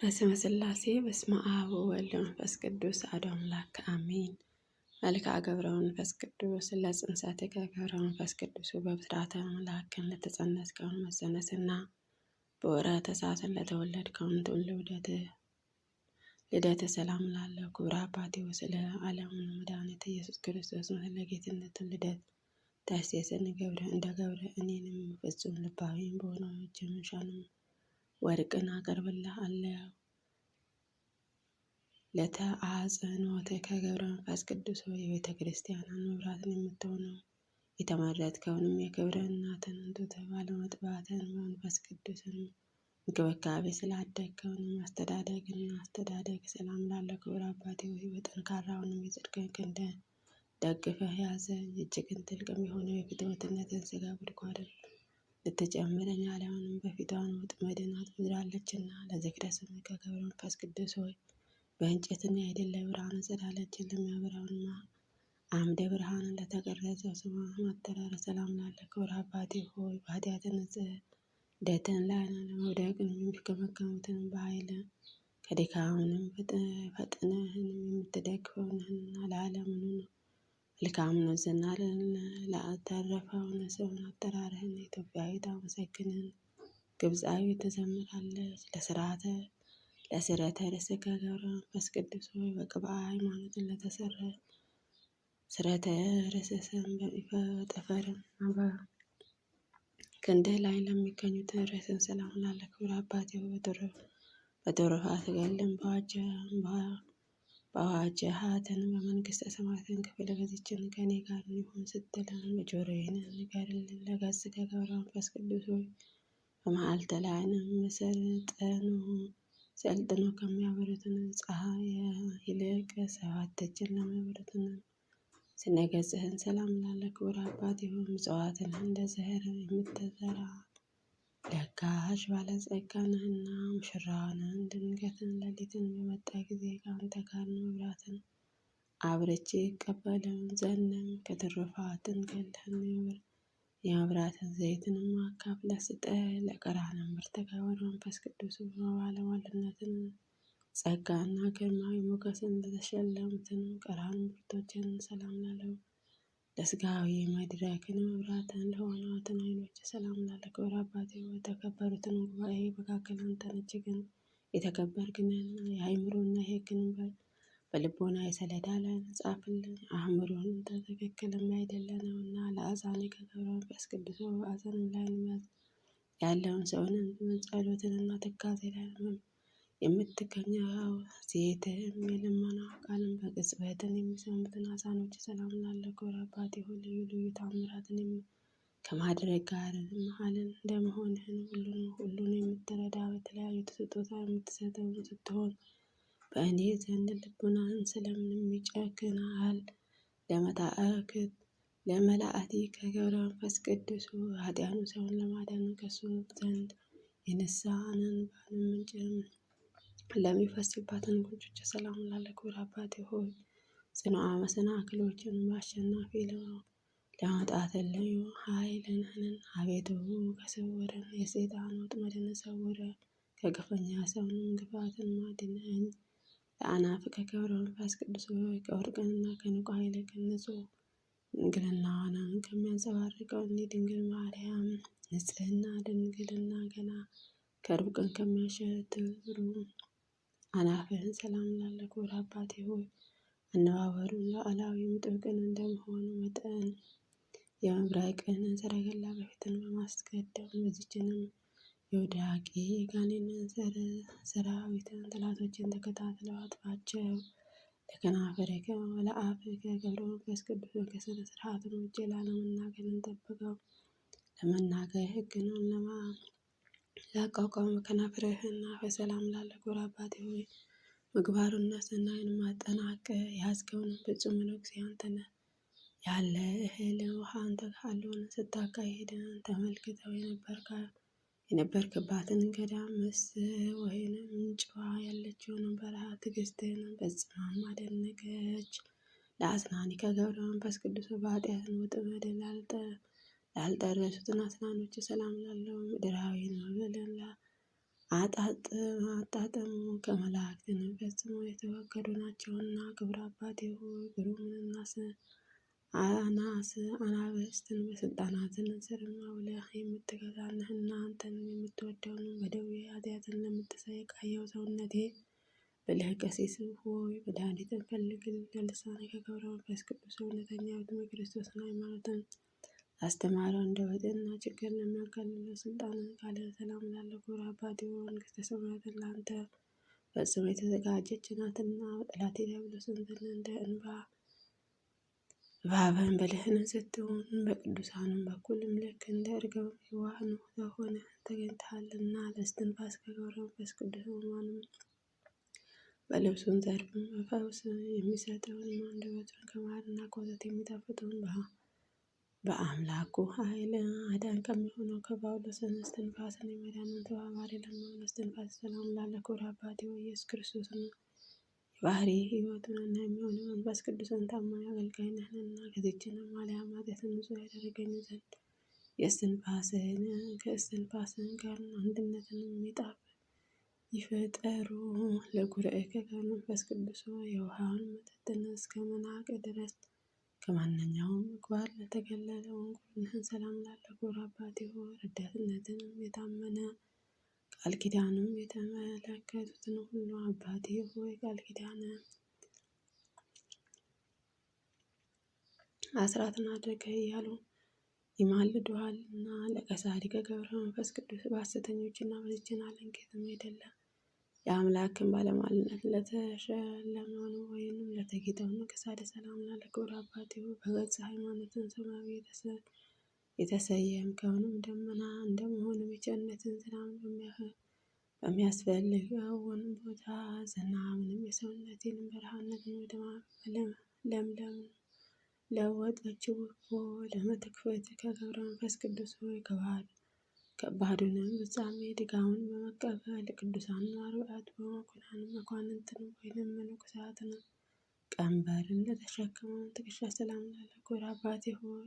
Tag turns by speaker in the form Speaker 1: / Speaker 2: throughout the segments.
Speaker 1: በስመ ስላሴ በስመ አብ ወወልድ መንፈስ ቅዱስ አሐዱ አምላክ አሜን። መልክዓ ገብረ መንፈስ ቅዱስ ለጽንሰትከ ገብረ መንፈስ ቅዱስ በብስራተ አምላክን ለተጸነስከውን መጸነስና በወረተ ሰዓትን ለተወለድከውን ትውልደት ልደት ሰላም ላለው ክብረ አባቴ ስለ ዓለሙን መድኃኒት ኢየሱስ ክርስቶስ ስለ ጌትነት ልደት ታሴስን ገብረ እንደ ገብረ እኔንም ፍጹም ልባዊ በሆነው እጅ ምሻንም ወርቅን አቀርብልሃለሁ። ለተአጽንኦት ከገብረ መንፈስ ቅዱስ ሆይ የቤተ ክርስቲያንን መብራትን የምትሆነው የተመረጥከውንም የክብረ እናትን ጡት ባለመጥባትን መንፈስ ቅዱስን እንክብካቤ ስላደግከውንም አስተዳደግና አስተዳደግ ሰላም ላለ ክብር አባቴ ሆይ በጠንካራውንም የጽድቅን ክንደ ደግፈህ ያዘ እጅግን ጥልቅም የሆነ የፍትወትነትን ስጋ ጉድጓድን ልትጨምር እኛ ላይ አሁንም በፊት አሁን ወጥመድን እና ለዝክረ ስምከ ገብረ መንፈስ ቅዱስ ሆይ በእንጨትና የድለ ብርሃን ጽዳለችን ለሚያበራውና አምደ ብርሃን ለተቀረጸው ስማ ማተራረ ሰላም ላለ ክብር አባቴ ሆይ በኃጢአትን ደተን ላይ ለመውደቅን የሚከመከሙትን በኃይል ከድካምንም ፈጥነህን የምትደግፈውንህና ለዓለምንም ልካም ነው ዘናልን ላተረፈውን ስብን አጠራርህን ኢትዮጵያዊት አመሰግንን ግብፃዊ ተዘምራለች ለስርዓተ ለስረተ ለስጋ ገብረ መንፈስ ቅዱስ ሆይ በቅብአ ሃይማኖትን ለተሰረ ስረተ ርዕስህን በኢፈ ጠፈርን አበ ክንድህ ላይ ለሚገኙትን ርዕስን ሰላምና ለክብር አባቴ በትሩፋት ገድልን በዋጀ በዋጅሃተን በመንግሥተ ሰማያትን ከፊለፊታችን ከኔ ጋር ይሁን ስትል በጆሮዬን ንገርልን። ለገጽከ ገብረ መንፈስ ቅዱስ ሆይ በመዓልተ ላዕንም ሰልጥኖ ሰልጥኖ ከሚያበሩትን ፀሐይ ይልቅ ሰባተችን ለሚያበሩትን ስነ ገጽህን ሰላም ላለ ክቡር አባት ይሁን ምጽዋትን እንደ ዘህር የምትዘራ ለጋሽ ባለጸጋ ነህና ሙሽራዋን ድንገትን ሌሊትን በመጣ ጊዜ ከአንተ ጋር መብራትን አብርቼ ይቀበልም ዘንም ከትርፋትን ከልተን ይምር የመብራትን ዘይትን አካፍለ ስጠ ለቀራን ምርት ከወር መንፈስ ቅዱስ ባለሟልነትን ጸጋና ግርማዊ ሞገስን ለተሸለሙትን ቀራን ምርቶችን ሰላም ላለው ለስጋዊ መድረክን መብራትን ለሆነዋትን አይኖች ሰላም ላለ ክብር አባቴ የተከበሩትን ጉባኤ መካከል አንተን እጅግን የተከበርክንን የአይምሮና የሕግን በልቦና የሰሌዳ ላይ ጻፍልን። አእምሮን ትክክልም እና ለአዛኔ ከገብረ መንፈስ ቅዱስ በአዘንም ላይ ያለውን ሰውንም ጸሎትን እና ትካዜ ላይ የምትገኘው ሴትም የልመና ቃልን በቅጽበትን የሚሰሙትን አሳኖች ሰላም ላለ ክብር አባት የሆነ ልዩ ልዩ ታምራትን ከማድረግ ጋር መሀልን እንደመሆንህን ሁሉን ሁሉን የምትረዳ በተለያዩ ተሰጦታ የምትሰጠው ስትሆን በእኔ ዘንድ ልቡናህን ስለምን ይጨክናል ለመታእክት ለመላእቲ ከገብረ መንፈስ ቅዱሱ ኃጢያኑ ሰውን ለማዳን ከሱ ዘንድ የንስሐንን ባለ ለሚፈስባትን ጉንጮች ሰላም ላለ ክብር አባቴ ሆይ አመሰና ክሎችን በአሸናፊ ለማውጣትን ልዩ አቤቱ ከስውርን የሴጣን ወጥመድን ሰውረን፣ ከግፈኛ ሰውንም ግፋትን አድነን። ለአናፍ ከክብረ መንፈስ ቅዱስ ሆይ ከወርቅንና ከዕንቁ ይልቅ ንጹሕ ድንግልናዋንም ከሚያንጸባርቀው እንደ ድንግል ማርያም ንጽህና ድንግልና ገና ከሩቅን ከሚያሸትሩ አናፍህን ሰላም ላለህ ክቡር አባቴ ሆይ አነባበሩ ሉዓላዊም ጥብቅን እንደመሆኑ መጠን የመብረቅህን ሰረገላ በፊትን በማስቀደም በዚችንም ዮዳቄ የጋኔንን ሰራዊትን ጥላቶችን ተከታትለው አጥፋቸው። ለከናፈርከ ለአፍከ ገብረ መንፈስ ቅዱስ መንፈስን ስርዓትን ውጭ ላለመናገር እንጠብቀው። ለመናገር ህግን ለማ ለአቋቋመ ከናፍረህና በሰላም ላለ ክቡር አባቴ ሆይ ምግባሩና ሰናይን ማጠናቅ ያዝገውን ፍጹም ንጉሥ አንተ ነህ። ያለ እህል ውሃ አንተ ካለሆነ ስታካሄደን ተመልክተው የነበርካ የነበርክባትን ገዳም ምስ ወይንም ምንጭዋ ያለችውን በረሃ ትግስትን ፈጽማም አደነቀች። ለአጽናኒ ከገብረ መንፈስ ቅዱስ በኃጢአትን ወጥመድ ላልጠ ላልደረሱትን አስናኖች ሰላም ላለው ምድራዊ ነው ዘለላ አጣጥም አጣጥሙ ከመላእክትን ፈጽሞ የተወገዱ ናቸውና ክብር አባቴ ሆይ ግሩምንና አናስ አናበስትን በስልጣናትን ስርና ውለህ የምትገዛነህና እናንተን የምትወደውን በደዌ ኃጢአትን ለምትሰቃየው ሰውነቴ ብልህ ቀሲስ ሆይ መድኃኒትን ፈልግልን ከልሳኔ ከገብረ መንፈስ ቅዱስ እውነተኛ ቤተ ክርስቶስን ሃይማኖትን አስተማረው እንደ ወጥና ችግር ለሚያቃልሉ ስልጣንን ቃለ ሰላም ላለው ክብር አባቴ መንግስተ ሰማያትን ለአንተ ፈጽሞ የተዘጋጀች ናትና ጠላት ዲያብሎስን ዘለ እንደ እንባ ባበን በልህን ስትሆን በቅዱሳንም በኩልም ልክ እንደ እርግብ የዋህ ንጉሥ ሆነ ተገኝተሃልና ለእስትንፋስ ከገብረ መንፈስ ቅዱስ ማንም በልብሱን ዘርብን መፈውስ የሚሰጠውን አንደበቱን ከማርና ከወተት የሚጣፍጠውን በአምላኩ ኃይል አዳን ከሚሆነው ከባውሎ እስትንፋስን የመዳንን ተባባሪ ለመሆን እስትንፋስ ሰላም ላለ ክቡር አባቴ ሆይ ኢየሱስ ክርስቶስ ነው። ባህሪ ሕይወትን እና የሚሆነ መንፈስ ቅዱስን ታማኝ አገልጋይ ነህንና ከዚችንም ማርያም ኃጢአትን ንጹሕ ያደረገኝ ዘንድ የእስትንፋስህን ከእስትንፋስህን ጋር አንድነትን የሚጣፍ ይፈጠሩ ለጉራኤከ ከመንፈስ ቅዱስ የውሃውን መጠጥን እስከ መናቅ ድረስ ከማንኛውም ጋር ለተገለለ ወንጌል ሰላም ላለ ክቡር አባቴ ሆይ ረዳትነትንም የታመነ ቃል ኪዳንም የተመለከቱትን ሁሉ አባቴ ሆይ ቃል ኪዳን አስራትን አድርገ እያሉ ይማልዱሃልና። እና ጻድቅ ገብረ መንፈስ ቅዱስ በሐሰተኞችና በዝችን ዓለም ጌትም አይደለም የአምላክን ባለሟልነት ለተሸለመኑ ወይም ለተጌጠው ንቅሳደ ሰላምና ለክብር አባት በገጽ ሃይማኖትን ሰማያዊ የተሰየም ከሆነም ደመና እንደመሆኑ የቸርነትን ዝናብ በሚያስፈልገውን ቦታ ዝናብንም የሰውነቴንም በረሃነትን ወደ ለምለም ለወጠችው ለመተክፈት ከገብረ መንፈስ ቅዱስ ሆይ ከባህር ከባዱንም ፍጻሜ ድጋሙን በመቀበል ቅዱሳንን አርባዕቱ መኩራን መኳንንትን ወይንም መነኮሳትን ቀንበርን ለተሸከመ ትከሻ ሰላም ላለ አባቴ ሆይ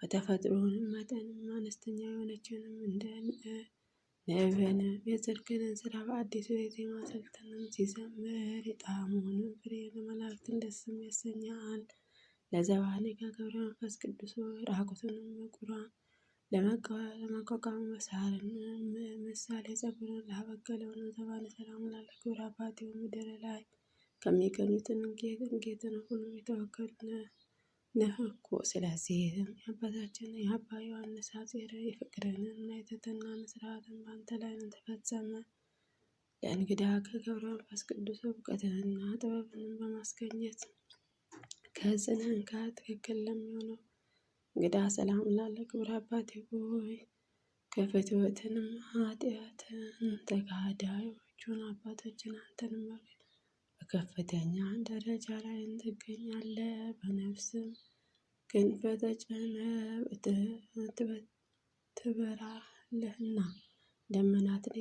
Speaker 1: በተፈጥሮንም መጠን አነስተኛ የሆነችንም እንደ ንዕብን የጽድቅን ስራ በአዲሱ የዜማ ስልትንም ሲዘምር የጣዕሙንም ፍሬ ለመላእክትን ደስም ያሰኛል። ለዘባኔ ከገብረ መንፈስ ቅዱስ ራቁትንም ምኩራን ለመቋቋም መሳርን ምሳሌ ፀጉርን ላበቀለው ነው ተባለ። ሰላም ላለ ክብር አባቴ ምድር ላይ ከሚገኙትን ጌጥ ነው ሁሉ የተወከሉ ነህኮ። ስለዚህም የአባታችን የአባ ዮሐንስ አጼር የፍቅርን እና የትህትናን ስርዓትን በአንተ ላይ ነው ተፈጸመ። ለእንግዳ ከገብረ መንፈስ ቅዱስ እውቀትንና ጥበብን በማስገኘት ከጽንዕ ከትክክል ለሚሆነው እንግዳ ሰላም ላለው ክብር አባቴ ሆይ ከፍትወትንም ኃጢአትን ተጋዳዮቹን አባቶችን አንተን መሬት በከፍተኛ ደረጃ ላይ እንትገኛለ በነፍስም ግን በተጨነ ትበራለህና ደመናትን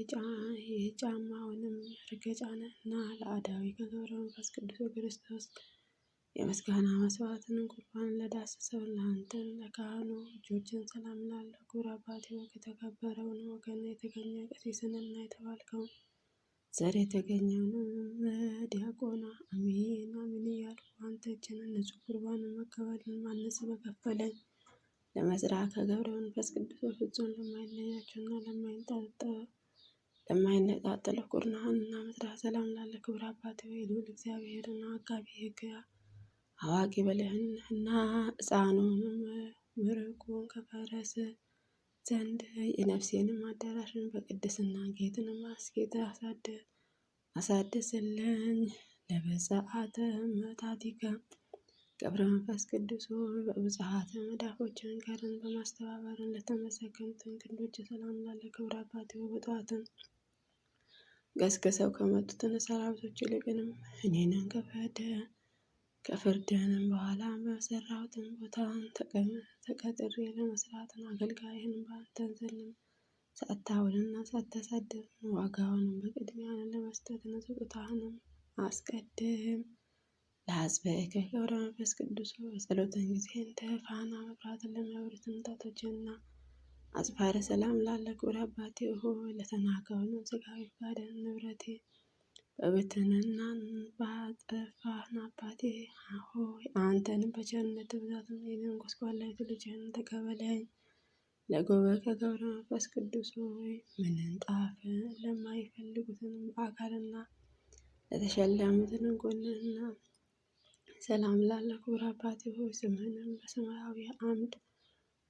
Speaker 1: የጫማውንም ርገጫነህና ለአዳዊ ከገብረ መንፈስ ቅዱስ ክርስቶስ የምስጋና መስዋዕትን ቁርባን ለዳሰሰው ለአንተ ለካህኑ እጆችን ሰላም ላለ ክብር አባቴ ከተከበረውን ወገን የተገኘ ቀሲስንና የተባልከውን ዘር የተገኘውን ዲያቆና አሜን አሜን እያልኩ አንተ እጅንን ንጹህ ቁርባንን መቀበልን ማነስ መከፈልን ለመዝራ ከገብረ መንፈስ ቅዱስ በፍጹም ለማይለያቸውና ለማይንጠለጠለው ለማይነጣጠለው ቁርናህን እና መስራ ሰላም ላለ ክብር አባቴ ወይ ልዑል እግዚአብሔርና አቃቤ ሕግ አዋቂ ብልህና ሕፃኑንም ምርኩን ከፈረስ ዘንድ የነፍሴንም አዳራሽን በቅድስና ጌትንም ማስጌጥ አሳድስልኝ ለብፅዓተ መታቲከ ገብረ መንፈስ ቅዱስ ሆይ በብፅዓተ መዳፎችን ጋርን በማስተባበርን ለተመሰገኑትን ክንዶች ሰላም ላለ ክብረ አባት በጠዋትን ገስገሰው ከመጡትን ሰራዊቶች ይልቅንም እኔንን ከበደ ከፍርድህንም በኋላ በሰራሁትን ቦታን ተቀጥሬ ለመስራትን አገልጋይህን በአንተን ዘንድ ሳታውልና ሳታሳድር ዋጋውንም በቅድሚያ ለመስጠት ስጦታህንም አስቀድም። ለሕዝብህ ገብረ መንፈስ ቅዱስ በጸሎትን ጊዜ እንደ ፋና መብራትን ለሚያበሩ መብራቶችና አጽፋረ ሰላም ላለ ክቡር አባቴ ሆይ ለተናገሩን ስጋዊ ፈቃድህን ንብረቴ እብትንና ባጠፋህን አባቴ ሆይ አንተንም በቸርነት ብዛት እኔንም ጎስቋላይቱ ልጅህን ተቀበለኝ። ለጎበከ ገብረ መንፈስ ቅዱስ ሆይ ምንጣፍን ለማይፈልጉትን በአካልና ለተሸለሙትን ጎንህና ሰላም ላለ ክቡር አባቴ ሆይ ስምህንም በሰማያዊ አምድ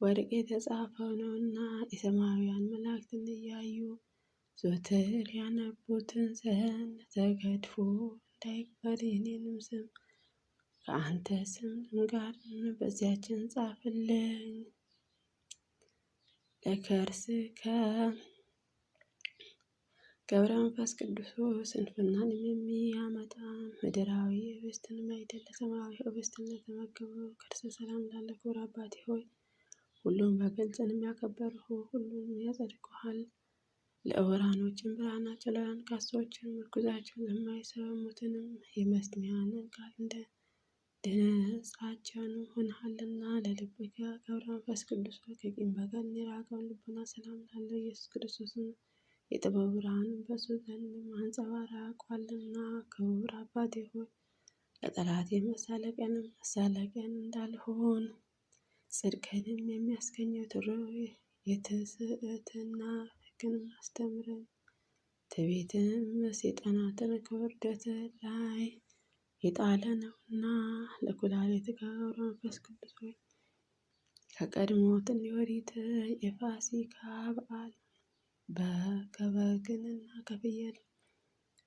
Speaker 1: ወርቅ የተጻፈው ነውና የሰማያውያን መላእክትን እያዩ ዞትር ያነቡትን ዘን ተገድፎ እንዳይቀር የኔንም ስም ከአንተ ስም ጋር በዚያችን ጻፍልኝ። ለከርስ ገብረ መንፈስ ቅዱሶ ስንፍናን የሚያመጣ ምድራዊ ኅብስትንም አይደለ ሰማያዊ ኅብስትን ለተመገቡ ከርሰ ሰላም ላለ ክቡር አባቴ ሆይ ሁሉም በግልጽ የሚያከብርህ ሁሉን ያጸድቀዋል። ለኦራኖችን ብርሃናቸው ለብርሃን ካሳዎችን ምርኩዛቸው ለማይሰሩ ሙትንም የመስሚያን ቃል እንደ ድነጻቸውን ሆንሃልና ለልብከ ገብረ መንፈስ ቅዱስ ከቂም በቀል የራቀውን ልቡና ሰላም ላለው ኢየሱስ ክርስቶስን የጥበብ ብርሃን በሱ ዘንድ አንጸባራቋልና ክቡር አባቴ ሆይ ለጠላት መሳለቂያንም መሳለቂያን እንዳልሆን ጽድቅንም የሚያስገኘው ትሮ የትስእትና ሕግን አስተምረን ትዕቢትም በሰይጣናትን ከውርደት ላይ የጣለ ነውና ለኩላሊት ገብረ መንፈስ ቅዱስ ሆይ ከቀድሞ ትንወሪት የፋሲካ በዓል ከበግንና ከፍየል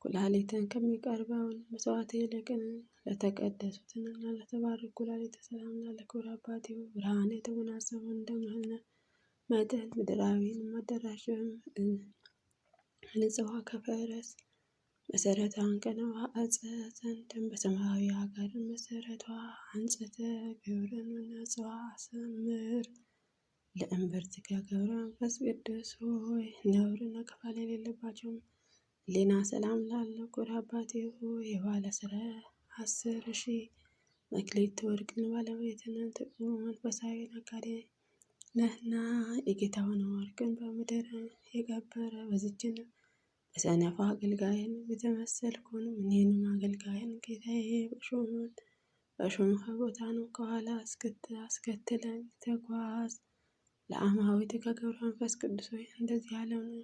Speaker 1: ኩላሊትን ከሚቀርበውን መስዋዕት ይልቅን ለተቀደሱትና ለተባረኩ ኩላሊተ ሰላምና ለክብር አባት ብርሃን የተጎናጸፉ እንደምህነ መጠን ምድራዊን አዳራሽም ንጽዋ ከፈረስ መሰረተ አንቀነዋ አጽተን ደም በሰማያዊ ሀገር መሰረቷ አንጸተ ግብርን ምነጽዋ አሰምር ለእምብርት ከገብረ መንፈስ ቅዱስ ሆይ ነውርና ክፋል የሌለባቸውም ሌና ሰላም ላለ ኩር አባቴ ሆይ የባለ ስራ አስር ሺ መክሌት ወርቅን ባለቤትነት መንፈሳዊ ነጋዴ ነህና የጌታውን ወርቅን በምድር የገበረ በዝችን በሰነፋ አገልጋይን የተመሰልኩን እኔንም አገልጋይን ጌታዬ በሾመን በሾምከ ቦታ ነው ከኋላ አስከት- አስከትለን ተጓዝ። ለአማዊት ከግብረ መንፈስ ቅዱስ ሆይ እንደዚህ ያለውን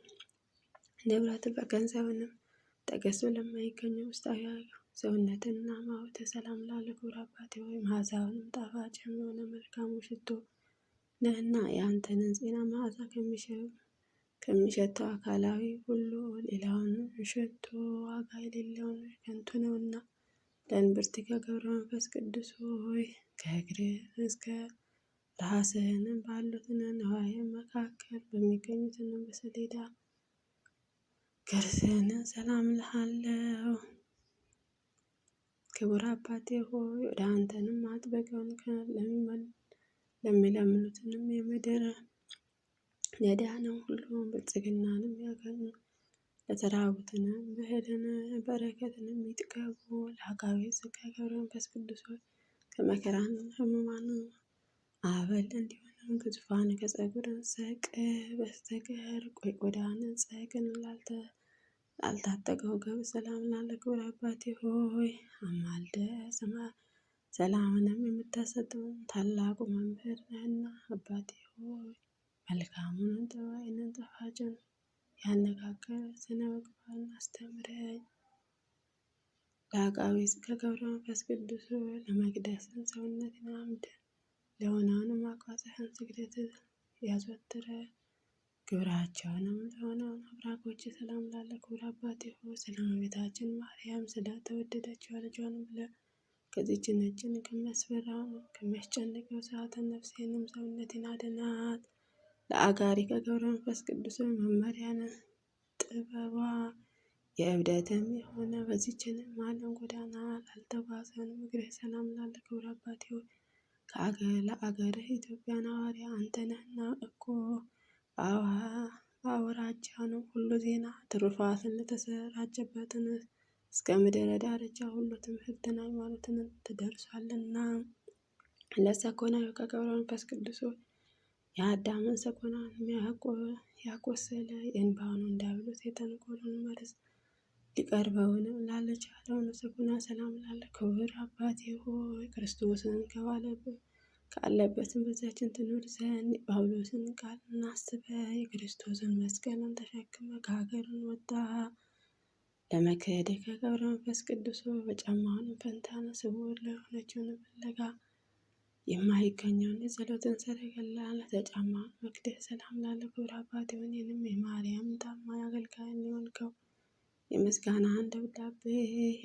Speaker 1: ንብረት በገንዘብንም ተገዝቶ ለማይገኘው ውስጣዊ ሰውነትና አማዊተ ሰላም ላለ ክብረ አባቴ ሆይ መዓዛውንም ጣፋጭ የሆነ መልካሙ ሽቶ ነህና የአንተን ዜና መዓዛ ከሚሸተው አካላዊ ሁሉ ሌላውን ሸቶ ዋጋ የሌለውን ከንቱ ነውና ለእንብርትከ ከገብረ መንፈስ ቅዱስ ሆይ ከእግርህ እስከ ራስህን ባሉትን ንዋየ መካከል በሚገኙትን በሰሌዳ ገርስህን ሰላም ልሃለው። ክቡር አባቴ ሆይ ወደ አንተንም አጥብቀውን ለሚመልሱ ለሚለምኑትንም የምድር የዳነው ሁሉም ብልጽግናንም ያገኙ ለተራቡትንም ብህልን በረከትንም ይጥገቡ። ለአቃቤ ሥጋ ገብረ መንፈስ ቅዱስ ከመከራን ሕሙማን አበል እንዲሆንም ግዙፋን ከጸጉርን እንሰቅ በስተቀር ቆይ ቆዳን ጸቅን ላልተ ላልታጠቀው ገብ ሰላም ላለ ክብር አባቴ ሆይ አማልደ ሰማ ሰላምንም የምታሰጠው ታላቁ መምህር ነህና አባቴ ሆይ መልካሙን ጠባይን ጣፋጭን ያነጋገር ስነ ምግባርን አስተምረኝ። ለአቃቤ ሥጋ ገብረ መንፈስ ቅዱስ ለመቅደስን ሰውነት አምድን ለሆነውንም አቋጽህን ስግደትን ያዘወትረ ግብራቸውንም ለሆነውን አብራኮች ሰላም ላለ ክቡር አባቴ ሆይ ስለ እመቤታችን ማርያም ስለ ተወደደችው ልጇን ብለን ከዚች ነጭን ከሚያስፈራው ከሚያስጨንቀው ሰዓትን ነፍሴንም ሰውነቴን አድናት። ለአጋሪ ከገብረ መንፈስ ቅዱስ መመሪያን ጥበቧ የእብደትም የሆነ በዚችን ማለም ጎዳና ላልተጓዘን እግርህ ሰላም ላለ ክብረ አባቴ ለአገርህ ኢትዮጵያ ሐዋርያ አንተ ነህና እኮ በአውራጃ ነው ሁሉ ዜና ትሩፋትን ለተሰራጨበትን እስከ ምድረ ዳርቻ ሁሉ ትምህርትናል ማለትን ትደርሳለና። ለሰኮና ከገብረ መንፈስ ቅዱስ የአዳምን ሰኮና ያቆሰለ የእንባውን እንዳብሎት የተንኮሉን መርዝ ሊቀርበውን ላለቻለውን ሰኮና ሰላም ላለ ክቡር አባቴ ሆይ ክርስቶስን ከባለበት ካለበትን በዛችን ትኑር ዘንድ የጳውሎስን ቃል እናስበ የክርስቶስን መስቀልን ተሸክመ ከሀገርን ወጣ። ለመክህዴ ከገብረ መንፈስ ቅዱስ በጫማህን ፈንታነ ስውር ለሆነችውን ፍለጋ የማይገኘውን የጸሎትን ሰረገላ ለተጫማ መክደህ ሰላም ላለ ክብር አባት የሆነንም የማርያም ታማኝ አገልጋይ የሚሆንከው የምስጋናህን ደብዳቤ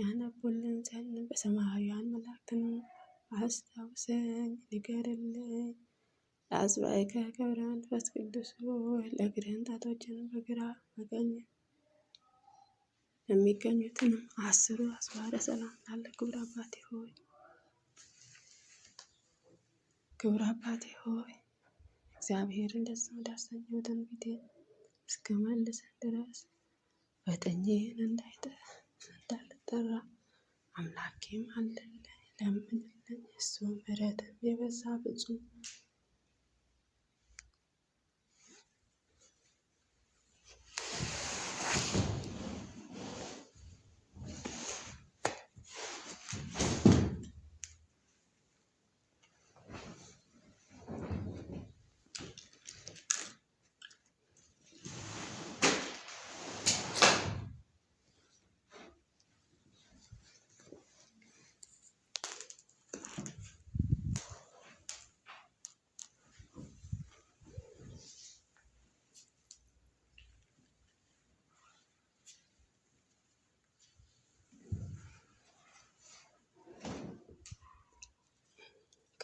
Speaker 1: ያነቡልን ዘንድ በሰማያውያን መላእክትን አስታውሰን ንገርልኝ። ለአጽብዕከ ገብረ መንፈስ ቅዱስ ለእግርህን ጣቶችን በግራ በቀኝ የሚገኙትንም አስሩ አስባረ ሰላም ላለ ክብረ አባቴ ሆይ ክብረ አባቴ ሆይ እግዚአብሔርን ደስ እንዳሰኘው ትንቢቴን እስክመልሰን ድረስ በጥኜን እንዳይጠራ እንዳልጠራ አምላኬም አለልኝ ለምንልኝ እሱ ምሕረትም የበዛ ፍጹም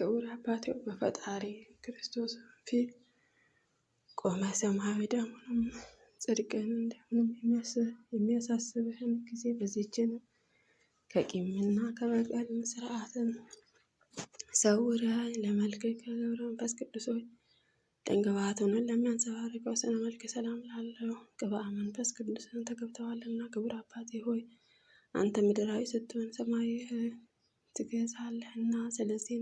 Speaker 1: ክቡር አባቴ በፈጣሪ ክርስቶስ ፊት ቆመ ሰማያዊ ደሙንም ጽድቅን እንደምንም የሚያሳስብህን ጊዜ በዚችን ከቂምና ከበቀልን ስርዓትን ሰውረ ለመልክ ከገብረ መንፈስ ቅዱሶች ጥንግባቱን ለሚያንጸባርቀው ስነ መልክ ሰላም ላለው ቅብአ መንፈስ ቅዱስን ተገብተዋልና ክቡር አባቴ ሆይ አንተ ምድራዊ ስትሆን ሰማያዊ ትገዛለህና ስለዚህ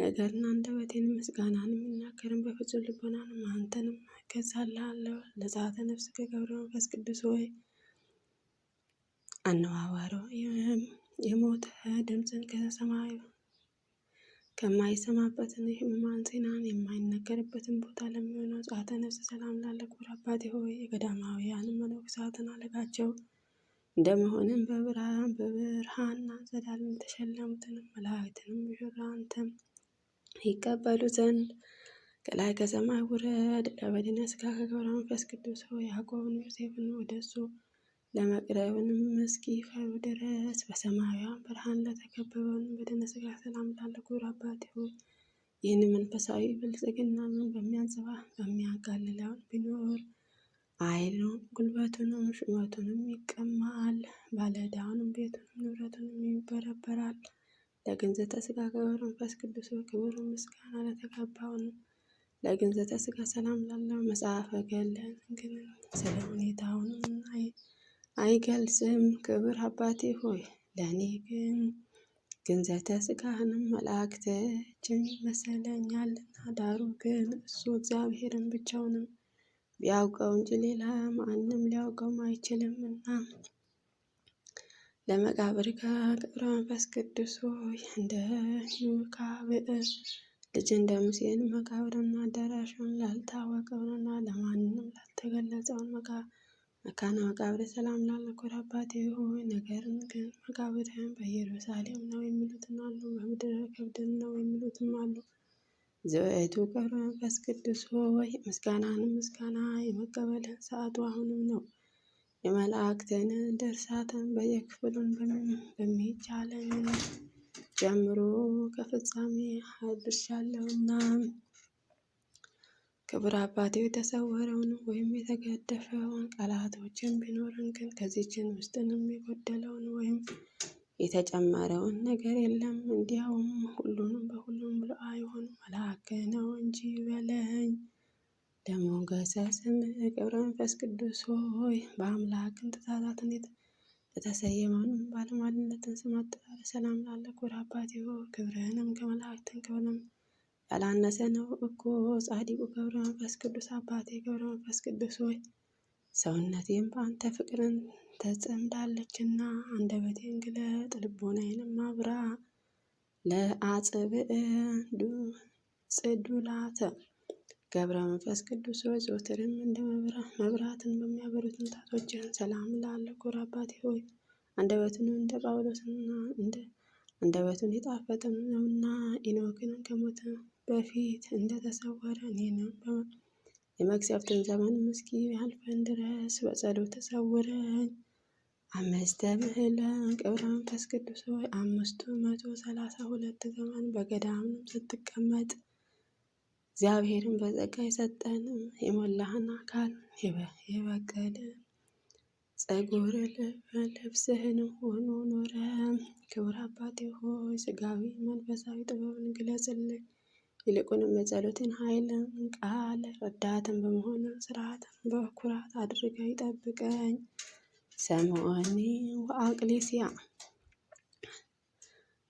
Speaker 1: ነገርን አንደበቴንም ምስጋናንም የሚናገርን በፍጹም ልቦናንም አንተንም እገዛልሃለሁ ለዛተ ነፍስ ከገብረ መንፈስ ቅዱስ ሆይ አነዋዋሮ የሞተ ድምፅን ከሰማዩ ከማይሰማበትን ሕሙማን ዜናን የማይነገርበትን ቦታ ለሚሆነው ጸዋተ ነፍስ ሰላም ላለ ክቡር አባቴ ሆይ የገዳማውያንን መነኮሳትን አለቃቸው እንደመሆንም በብርሃን በብርሃንና ዘላለም የተሸለሙትንም መላእክትንም ሙሽራ አንተም ይቀበሉ ዘንድ ከላይ ከሰማይ ውረድ ለበድን ስጋ ከገብረ መንፈስ ቅዱስ ሆይ ያዕቆብን ዮሴፍን ወደሱ ለመቅረብንም እስኪፈሩ ድረስ በሰማያውያን ብርሃን ለተከበበን በደነ ስጋ ሰላም ላለ ክቡር አባት ሆይ ይህን መንፈሳዊ ብልጽግናን በሚያንጽባ በሚያቃልለውን ቢኖር አይሉ ጉልበቱንም ሹመቱንም ይቀማል፣ ባለዳውንም ቤቱንም ንብረቱንም ይበረበራል። ለግንዘተ ስጋ ክብር መንፈስ ቅዱስ ክብር ምስጋና ነው። ለግንዘተ ስጋ ሰላም ላለው መጽሐፈ ገለን ግን ስለ ሁኔታውን አይገልጽም። ክብር አባቴ ሆይ ለእኔ ግን ግንዘተ ስጋህንም መላእክቶችን ይመስለኛልና ዳሩ ግን እሱ እግዚአብሔርን ብቻውንም ቢያውቀው እንጂ ሌላ ማንም ሊያውቀውም አይችልምና ለመቃብር ገብረ መንፈስ ቅዱስ ሆይ እንደ ብዕር ልጅ እንደ ሙሴን መቃብርና አዳራሹን ላልታወቀውንና ለማንም ላልተገለጸውን መካነ መቃብር ሰላም ላልነኮር አባቴ ሆይ ነገርን ግን መቃብርህን በኢየሩሳሌም ነው የሚሉትም አሉ፣ በምድረ ከብድን ነው የሚሉትም አሉ። ዘወይቱ ገብረ መንፈስ ቅዱስ ሆይ ምስጋናን ምስጋና የመቀበልህን ሰዓቱ አሁንም ነው። የመላእክትን ድርሳትን በየክፍሉን በሚቻለን ጀምሮ ከፍጻሜ አድርሻለሁና ክብር አባቴ የተሰወረውን ወይም የተገደፈውን ቃላቶችን ቢኖርን ግን ከዚችን ውስጥንም የጎደለውን ወይም የተጨመረውን ነገር የለም። እንዲያውም ሁሉንም በሁሉም ብሉዕ አይሆንም መልአክ ነው እንጂ በለኝ። ደግሞ ገሰስ ገብረ መንፈስ ቅዱስ ሆይ በአምላክን ትእዛዛትን የተሰየመውን ባለሟልነትን ስም አጠራር ሰላም ላለ ክቡር አባቴ ሆይ ክብርህንም ከመላእክትን ክብርም ያላነሰ ነው እኮ ጻዲቁ ገብረ መንፈስ ቅዱስ አባቴ ገብረ መንፈስ ቅዱስ ሆይ ሰውነቴም በአንተ ፍቅርን ተጸምዳለችና አንደበቴን ግለጥ ልቦናዬንም አብራ ለአጽብዕ ጽዱላተ ገብረ መንፈስ ቅዱስ ሆይ ዘወትርም እንደ መብራትን በሚያበሩት ምንጣቶችህ ሰላም እላለሁ። ክቡር አባቴ ሆይ አንደበቱን እንደ ጳውሎስና እንደ አንደበቱን የጣፈጠ ነውና ኢኖክን ከሞተ በፊት እንደተሰወረ እኔንም የመቅሰፍትን ዘመን እስኪ ያልፈን ድረስ በጸሎት ተሰውረኝ። አምስተ ምህለን ገብረ መንፈስ ቅዱስ ሆይ አምስቱ መቶ ሰላሳ ሁለት ዘመን በገዳም ስትቀመጥ እግዚአብሔርን በጸጋ የሰጠን የሞላህን አካል የበቀለ ጸጉር ልብስህን ሆኖ ኖረ። ክቡር አባቴ ሆይ ስጋዊ መንፈሳዊ ጥበብን ግለጽልን። ይልቁንም የጸሎትን ኃይልን ቃል ረዳትን በመሆን ስርዓትን በኩራት አድርገ ይጠብቀኝ። ሰሞኒ ወአቅሌስያ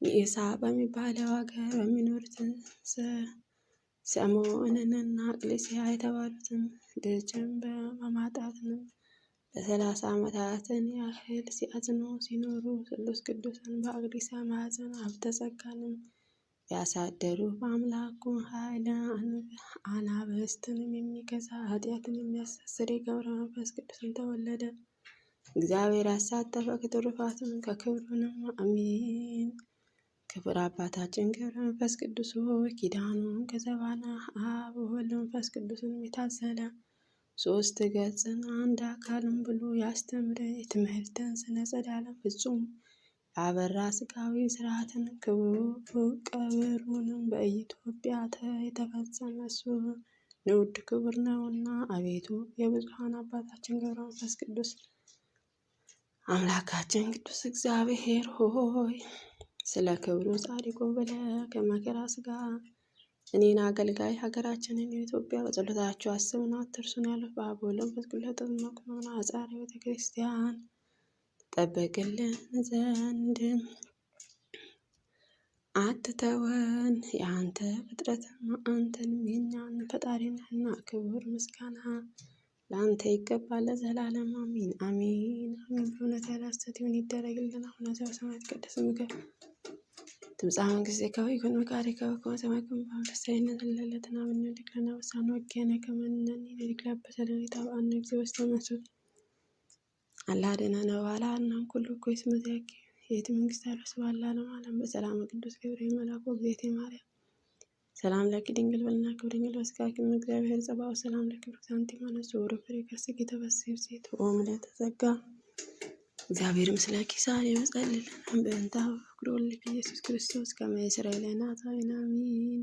Speaker 1: ሚእሳ በሚባለው ሀገር በሚኖሩትን ሰሞንንና ቅሌስያ የተባሉትን ልጅም ነው። ለሰላሳ ዓመታትን ያህል ሲያዝኑ ሲኖሩ ቅዱስ ቅዱስን በአግሪሳ ማኅፀን አብተጸጋንም ያሳደሩ በአምላኩ ኃይል አናብስትንም የሚገዛ ኃጢአትን የሚያሳስር የገብረ መንፈስ ቅዱስን ተወለደ። እግዚአብሔር አሳተፈ ከትሩፋቱን ከክብሩንም አሚን ክብር አባታችን ገብረ መንፈስ ቅዱስ ሆይ ኪዳኑን ከዘባና አብ ወልድ መንፈስ ቅዱስን የታዘለ ሶስት ገጽን አንድ አካልን ብሎ ያስተምረ የትምህርትን ስነ ጸዳለም ፍጹም አበራ ስጋዊ ስርዓትን ክቡር ቀብሩንም በኢትዮጵያ የተፈጸመ እሱ ንውድ ክቡር ነውና አቤቱ የብዙሃን አባታችን ገብረ መንፈስ ቅዱስ አምላካችን ቅዱስ እግዚአብሔር ሆይ ስለ ክብሩ ጻድቁን ብለህ ከመከራ ስጋ እኔን አገልጋይ ሀገራችንን የኢትዮጵያ በጸሎታችሁ አስቡን አትርሱን ያለው በአብ ወወልድ ወመንፈስ ቅዱስ አጻሪ ቤተ ክርስቲያን ጠበቅልን ዘንድ አትተወን። የአንተ ፍጥረት አንተን የኛን ፈጣሪና ክቡር ምስጋና ለአንተ ይገባል ለዘላለም አሚን አሚን አሚን። በእውነት ያለ ሐሰት ይሁን ይደረግልን። አሁን አቡነ ሰማያት ይትቀደስ ስምከ ትምፃሕን እግዚእከ ወይኩን መካሪከ ወኮነ ሰማዕኩን በመንፈሳዊነ ዘለለ ተናበነ ድግረነ በሳነ ወግየነ ከመ ንሕነኒ ለድግረ በሰሌታ በአነ እግዚእ ውስተ መንሱት ኩሉ እኩይ እስመ ዘያኪ የእቲ መንግሥት ኃይሉ ስብሐት ለዓለሙ ዓለም በሰላም ቅዱስ ገብርኤል መልአኩ ወእግዝእቴ ማርያም ሰላም ለኪ ድንግል በልና ክብር ድንግል በስጋኪም እግዚአብሔር ጸባኦ ሰላም ለክብር ሳንቲ ማነሱ ወሩ ፍሬ ከርሥኪ ተፈሥሒ ብፅዕት ኦ ምልዕተ እግዚአብሔርም ስለ ኪሳሬው ጸልልን በእንታ ፍቅሮ ለኢየሱስ ክርስቶስ ከመ ይስረይ ለነ ኃጣውኢነ አሜን።